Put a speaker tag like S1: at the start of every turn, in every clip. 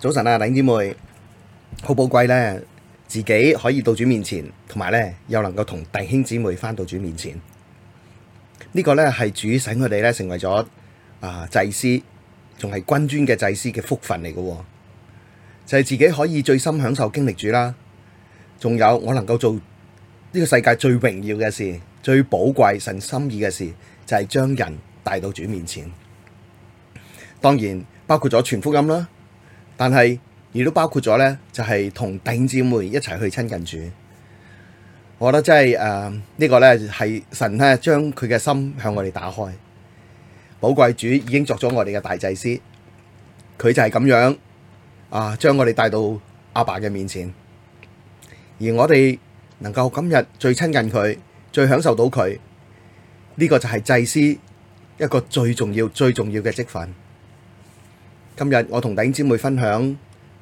S1: 早晨啊，弟兄姊妹，好寶貴咧，自己可以到主面前，同埋咧又能夠同弟兄姊妹翻到主面前。呢、這個咧係主使佢哋咧成為咗啊祭司，仲係君尊嘅祭司嘅福分嚟嘅。就係、是、自己可以最深享受經歷主啦，仲有我能夠做呢個世界最榮耀嘅事，最寶貴神心意嘅事，就係、是、將人帶到主面前。當然包括咗傳福音啦。但係亦都包括咗咧，就係、是、同弟兄姊妹一齊去親近主。我覺得真係誒，呃這個、呢個咧係神咧將佢嘅心向我哋打開。寶貴主已經作咗我哋嘅大祭司，佢就係咁樣啊，將我哋帶到阿爸嘅面前。而我哋能夠今日最親近佢，最享受到佢，呢、這個就係祭司一個最重要、最重要嘅職分。今日我同弟兄姊妹分享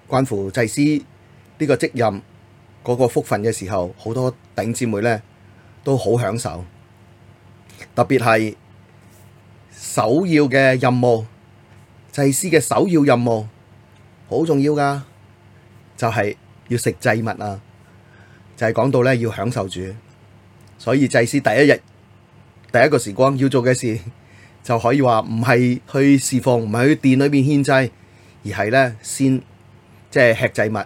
S1: 關乎祭司呢個職任嗰個福分嘅時候，好多弟兄姊妹呢都好享受。特別係首要嘅任務，祭司嘅首要任務好重要㗎，就係、是、要食祭物啊！就係、是、講到呢要享受主。所以祭司第一日第一個時光要做嘅事。就可以話唔係去侍奉，唔係去店裏面獻祭，而係咧先即係、就是、吃祭物，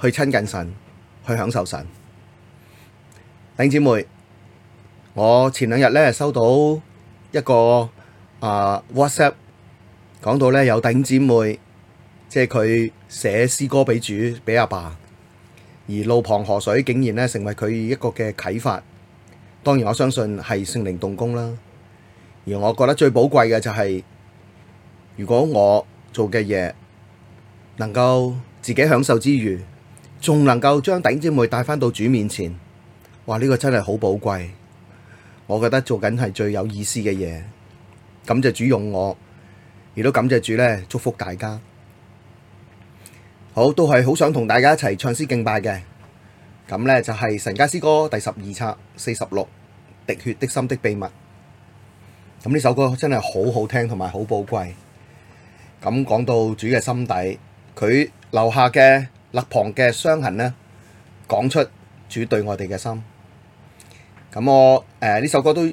S1: 去親近神，去享受神。頂姐妹，我前兩日咧收到一個啊 WhatsApp，講到咧有頂姐妹，即係佢寫詩歌俾主俾阿爸，爸，而路旁河水竟然咧成為佢一個嘅啟發。當然我相信係聖靈動工啦。而我覺得最寶貴嘅就係、是，如果我做嘅嘢能夠自己享受之餘，仲能夠將弟兄姐妹帶翻到主面前，哇！呢、這個真係好寶貴。我覺得做緊係最有意思嘅嘢，感謝主用我，亦都感謝主咧，祝福大家。好，都係好想同大家一齊唱詩敬拜嘅，咁呢，就係神家詩歌第十二冊四十六滴血的心的秘密。咁呢首歌真係好好聽，同埋好寶貴。咁講到主嘅心底，佢留下嘅肋旁嘅傷痕呢，講出主對我哋嘅心。咁我誒呢、呃、首歌都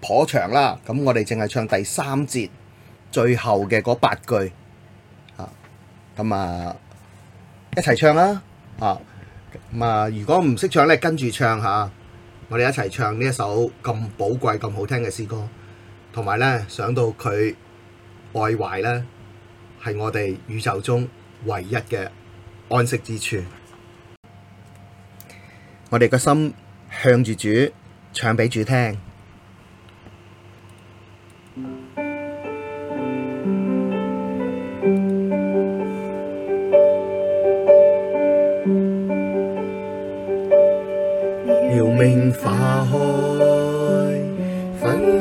S1: 頗長啦，咁我哋淨係唱第三節最後嘅嗰八句啊。咁啊，一齊唱啦啊！咁啊，如果唔識唱咧，跟住唱吓，我哋一齊唱呢一首咁寶貴、咁好聽嘅詩歌。同埋咧，想到佢愛懷咧，係我哋宇宙中唯一嘅安息之處。 我哋個心向住主，唱畀主聽。鳥鳴花開。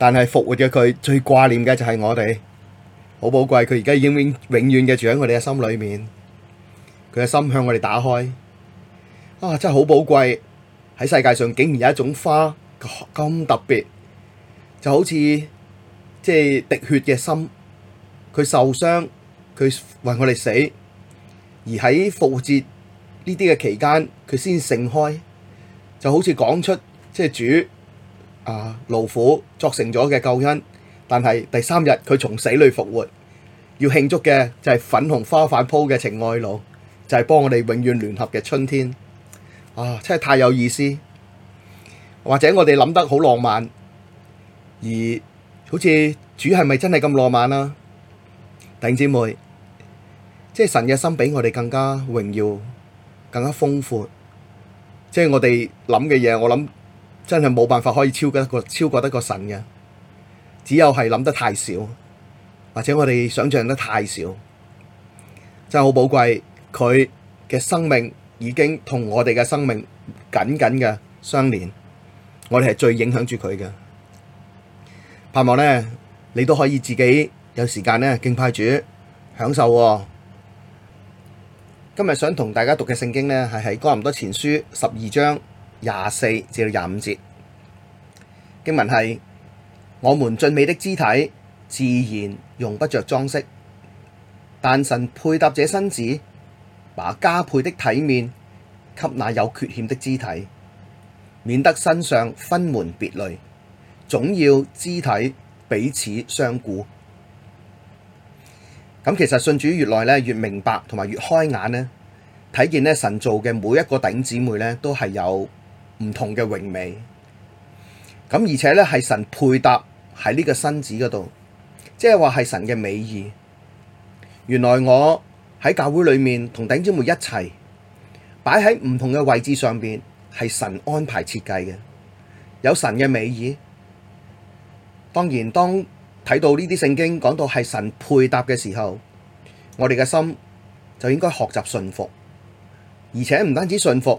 S1: 但係復活嘅佢最掛念嘅就係我哋，好寶貴。佢而家永永永遠嘅住喺我哋嘅心裏面，佢嘅心向我哋打開。啊，真係好寶貴！喺世界上竟然有一種花咁特別，就好似即係滴血嘅心，佢受傷，佢為我哋死，而喺復活節呢啲嘅期間，佢先盛開，就好似講出即係、就是、主。啊，勞苦作成咗嘅救恩，但係第三日佢從死裏復活，要慶祝嘅就係粉紅花瓣鋪嘅情愛路，就係幫我哋永遠聯合嘅春天。啊，真係太有意思，或者我哋諗得好浪漫，而好似主係咪真係咁浪漫啊？弟兄姊妹，即係神嘅心比我哋更加榮耀，更加豐富，即係我哋諗嘅嘢，我諗。真係冇辦法可以超過得個超過得個神嘅，只有係諗得太少，或者我哋想象得太少。真係好寶貴，佢嘅生命已經同我哋嘅生命緊緊嘅相連，我哋係最影響住佢嘅。盼望呢，你都可以自己有時間呢敬拜主，享受哦。今日想同大家讀嘅聖經呢，係喺《哥林多前書》十二章，廿四至到廿五節經文係：我們俊美的肢體自然用不着裝飾，但神配搭這身子，把加倍的體面給那有缺欠的肢體，免得身上分門別類，總要肢體彼此相顧。咁其實信主越耐咧，越明白同埋越開眼呢，睇見咧神造嘅每一個弟兄姊妹呢，都係有。唔同嘅榮美，咁而且呢，係神配搭喺呢個身子嗰度，即係話係神嘅美意。原來我喺教會裏面同弟兄姊妹一齊擺喺唔同嘅位置上邊，係神安排設計嘅，有神嘅美意。當然，當睇到呢啲聖經講到係神配搭嘅時候，我哋嘅心就應該學習信服，而且唔單止信服。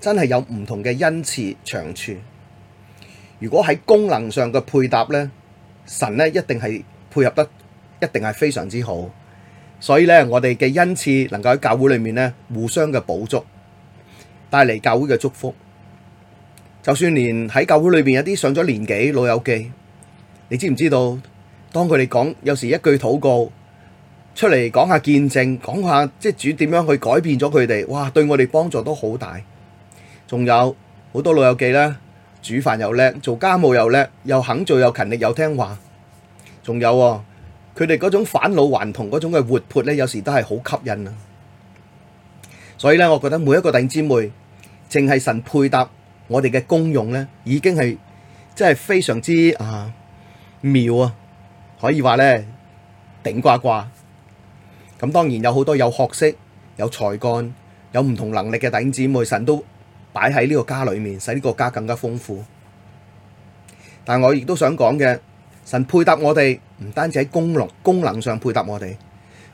S1: 真係有唔同嘅恩賜長處。如果喺功能上嘅配搭呢，神呢一定係配合得一定係非常之好。所以呢，我哋嘅恩賜能夠喺教會裏面呢，互相嘅補足，帶嚟教會嘅祝福。就算連喺教會裏面有啲上咗年紀老友記，你知唔知道？當佢哋講有時一句禱告出嚟，講下見證，講下即係主點樣去改變咗佢哋，哇！對我哋幫助都好大。仲有好多老友記咧，煮飯又叻，做家務又叻，又肯做又勤力又聽話。仲有喎、哦，佢哋嗰種返老還童嗰種嘅活潑咧，有時都係好吸引啊！所以咧，我覺得每一個弟兄姊妹，淨係神配搭我哋嘅功用咧，已經係真係非常之啊妙啊！可以話咧頂呱呱。咁當然有好多有學識、有才幹、有唔同能力嘅弟兄姊妹，神都，擺喺呢個家裏面，使呢個家更加豐富。但係我亦都想講嘅，神配搭我哋，唔單止喺功能功能上配搭我哋，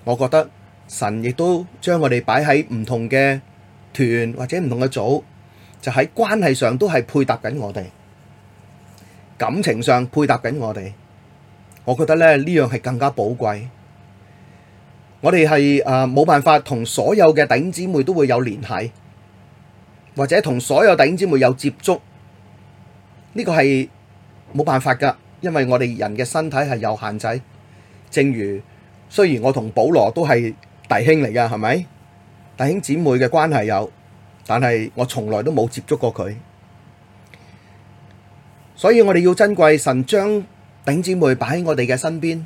S1: 我覺得神亦都將我哋擺喺唔同嘅團或者唔同嘅組，就喺關係上都係配搭緊我哋，感情上配搭緊我哋。我覺得咧呢樣係更加寶貴。我哋係誒冇辦法同所有嘅頂姊妹都會有聯繫。或者同所有弟兄姊妹有接觸，呢個係冇辦法噶，因為我哋人嘅身體係有限制。正如雖然我同保羅都係弟兄嚟噶，係咪？弟兄姊妹嘅關係有，但係我從來都冇接觸過佢。所以我哋要珍貴神將弟兄姊妹擺喺我哋嘅身邊，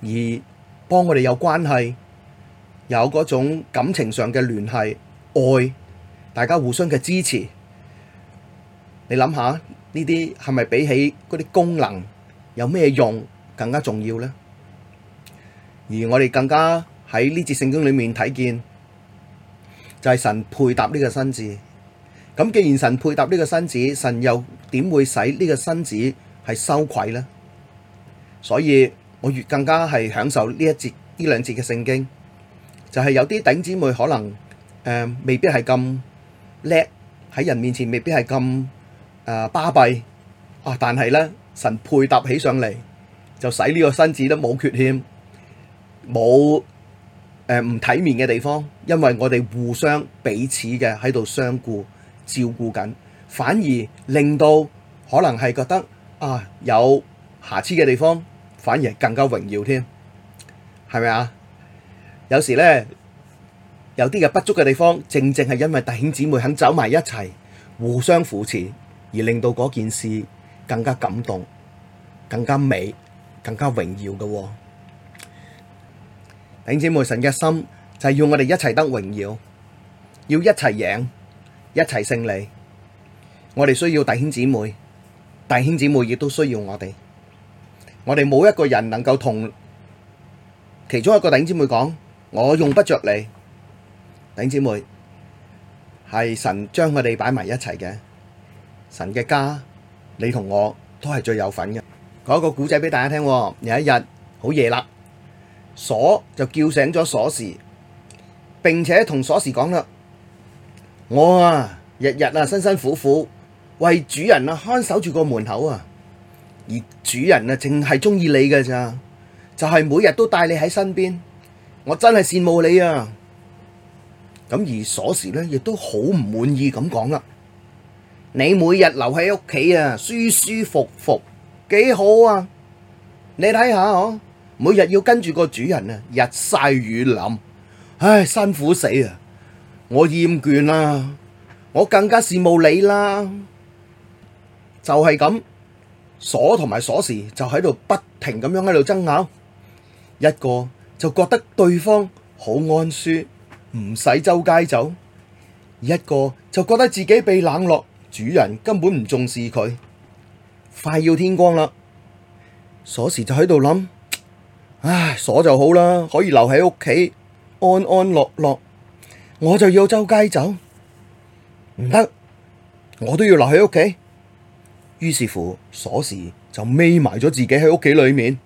S1: 而幫我哋有關係，有嗰種感情上嘅聯繫愛。大家互相嘅支持，你諗下呢啲係咪比起嗰啲功能有咩用更加重要呢？而我哋更加喺呢節聖經裏面睇見，就係神配搭呢個身子。咁既然神配搭呢個身子，神又點會使呢個身子係羞愧呢？所以我越更加係享受呢一節、呢兩節嘅聖經，就係有啲頂姊妹可能誒，未必係咁。叻喺人面前未必係咁誒巴閉啊！但係咧，神配搭起上嚟，就使呢個身子都冇缺欠，冇誒唔體面嘅地方，因為我哋互相彼此嘅喺度相顧照顧緊，反而令到可能係覺得啊、呃、有瑕疵嘅地方，反而更加榮耀添，係咪啊？有時咧。有啲嘅不足嘅地方，正正係因為弟兄姊妹肯走埋一齊，互相扶持，而令到嗰件事更加感動、更加美、更加榮耀嘅、哦。弟兄姊妹，神，神嘅心就係、是、要我哋一齊得榮耀，要一齊贏，一齊勝利。我哋需要弟兄姊妹，弟兄姊妹亦都需要我哋。我哋冇一個人能夠同其中一個弟兄姊妹講：我用不着你。頂姐妹係神將佢哋擺埋一齊嘅，神嘅家，你同我都係最有份嘅。講個古仔俾大家聽。有一日好夜啦，鎖就叫醒咗鎖匙，並且同鎖匙講啦：我啊日日啊辛辛苦苦為主人啊看守住個門口啊，而主人啊淨係鍾意你㗎咋，就係每日都帶你喺身邊，我真係羨慕你啊！咁而鎖匙呢，亦都好唔滿意咁講啦！你每日留喺屋企啊，舒舒服服幾好啊！你睇下呵，每日要跟住個主人啊，日曬雨淋，唉，辛苦死啊！我厭倦啦，我更加羨慕你啦！就係咁，鎖同埋鎖匙就喺度不停咁樣喺度爭拗，一個就覺得對方好安舒。唔使周街走，一個就覺得自己被冷落，主人根本唔重視佢。快要天光啦，鎖匙就喺度諗：唉，鎖就好啦，可以留喺屋企，安安樂樂。我就要周街走，唔得，我都要留喺屋企。於是乎，鎖匙就匿埋咗自己喺屋企裏面。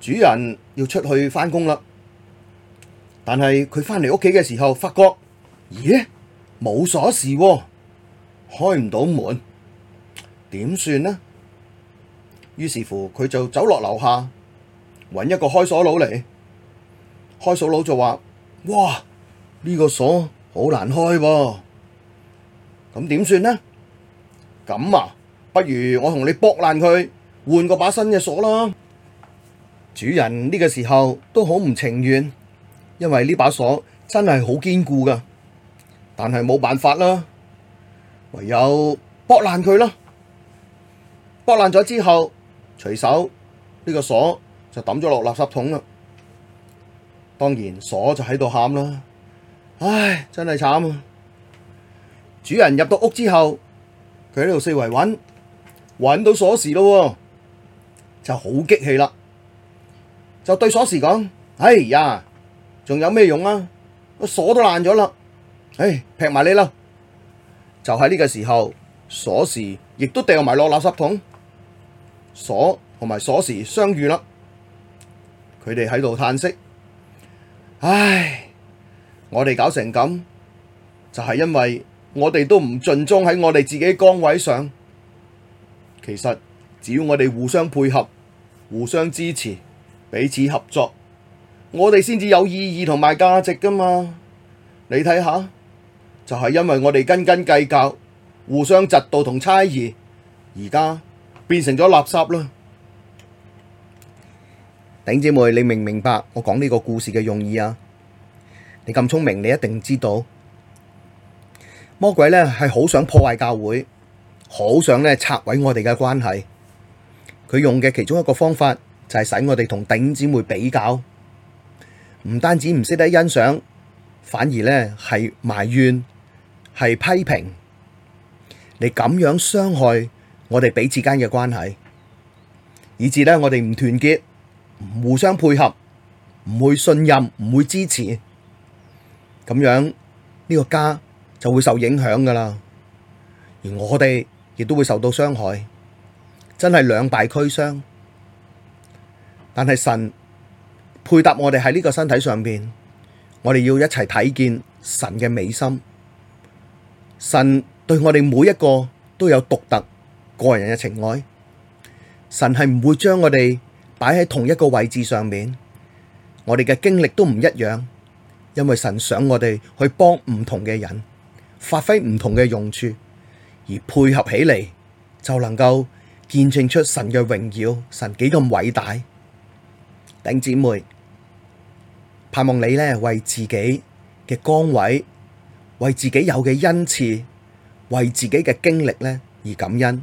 S1: 主人要出去返工啦。但係佢返嚟屋企嘅時候，發覺，咦，冇鎖匙啊，開唔到門，點算呢？於是乎，佢就走落樓下，搵一個開鎖佬嚟。開鎖佬就話：哇，呢個鎖好難開啊，咁點算呢？咁啊，不如我同你剝爛佢，換個把新嘅鎖啦。主人呢個時候都好唔情願。因為呢把鎖真係好堅固噶，但係冇辦法啦，唯有剝爛佢啦。剝爛咗之後，隨手呢、這個鎖就抌咗落垃圾桶啦。當然鎖就喺度喊啦，唉，真係慘啊！主人入到屋之後，佢喺度四圍搵，搵到鎖匙咯、啊，就好激氣啦，就對鎖匙講：哎呀！仲有咩用啊？鎖都爛咗啦，唉，劈埋你啦！就喺呢個時候，鎖匙亦都掉埋落垃圾桶，鎖同埋鎖匙相遇啦，佢哋喺度嘆息，唉，我哋搞成咁，就係因為我哋都唔盡忠喺我哋自己崗位上。其實只要我哋互相配合、互相支持、彼此合作。我哋先至有意義同埋價值噶嘛？你睇下，就係因為我哋斤斤計較，互相嫉妒同猜疑，而家變成咗垃圾啦。頂姐妹，你明唔明白我講呢個故事嘅用意啊？你咁聰明，你一定知道魔鬼呢係好想破壞教會，好想呢拆毀我哋嘅關係。佢用嘅其中一個方法就係使我哋同頂姐妹比較。唔單止唔識得欣賞，反而呢係埋怨，係批評，你咁樣傷害我哋彼此間嘅關係，以至呢我哋唔團結，唔互相配合，唔會信任，唔會支持，咁樣呢個家就會受影響噶啦，而我哋亦都會受到傷害，真係兩敗俱傷。但係神。配搭我哋喺呢個身體上邊，我哋要一齊睇見神嘅美心。神對我哋每一個都有獨特個人嘅情愛。神係唔會將我哋擺喺同一個位置上面。我哋嘅經歷都唔一樣。因為神想我哋去幫唔同嘅人，發揮唔同嘅用處，而配合起嚟，就能夠見證出神嘅榮耀。神幾咁偉大，丁姊妹。盼望你呢為自己嘅崗位，為自己有嘅恩賜，為自己嘅經歷呢而感恩。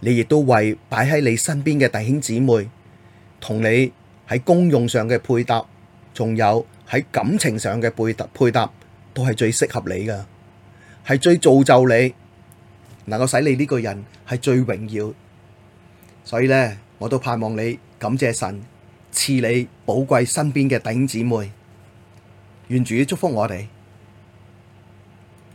S1: 你亦都為擺喺你身邊嘅弟兄姊妹，同你喺公用上嘅配搭，仲有喺感情上嘅配搭，配搭，都係最適合你㗎，係最造就你，能夠使你呢個人係最榮耀。所以呢，我都盼望你感謝神。賜你寶貴身邊嘅頂姊妹，願主祝福我哋。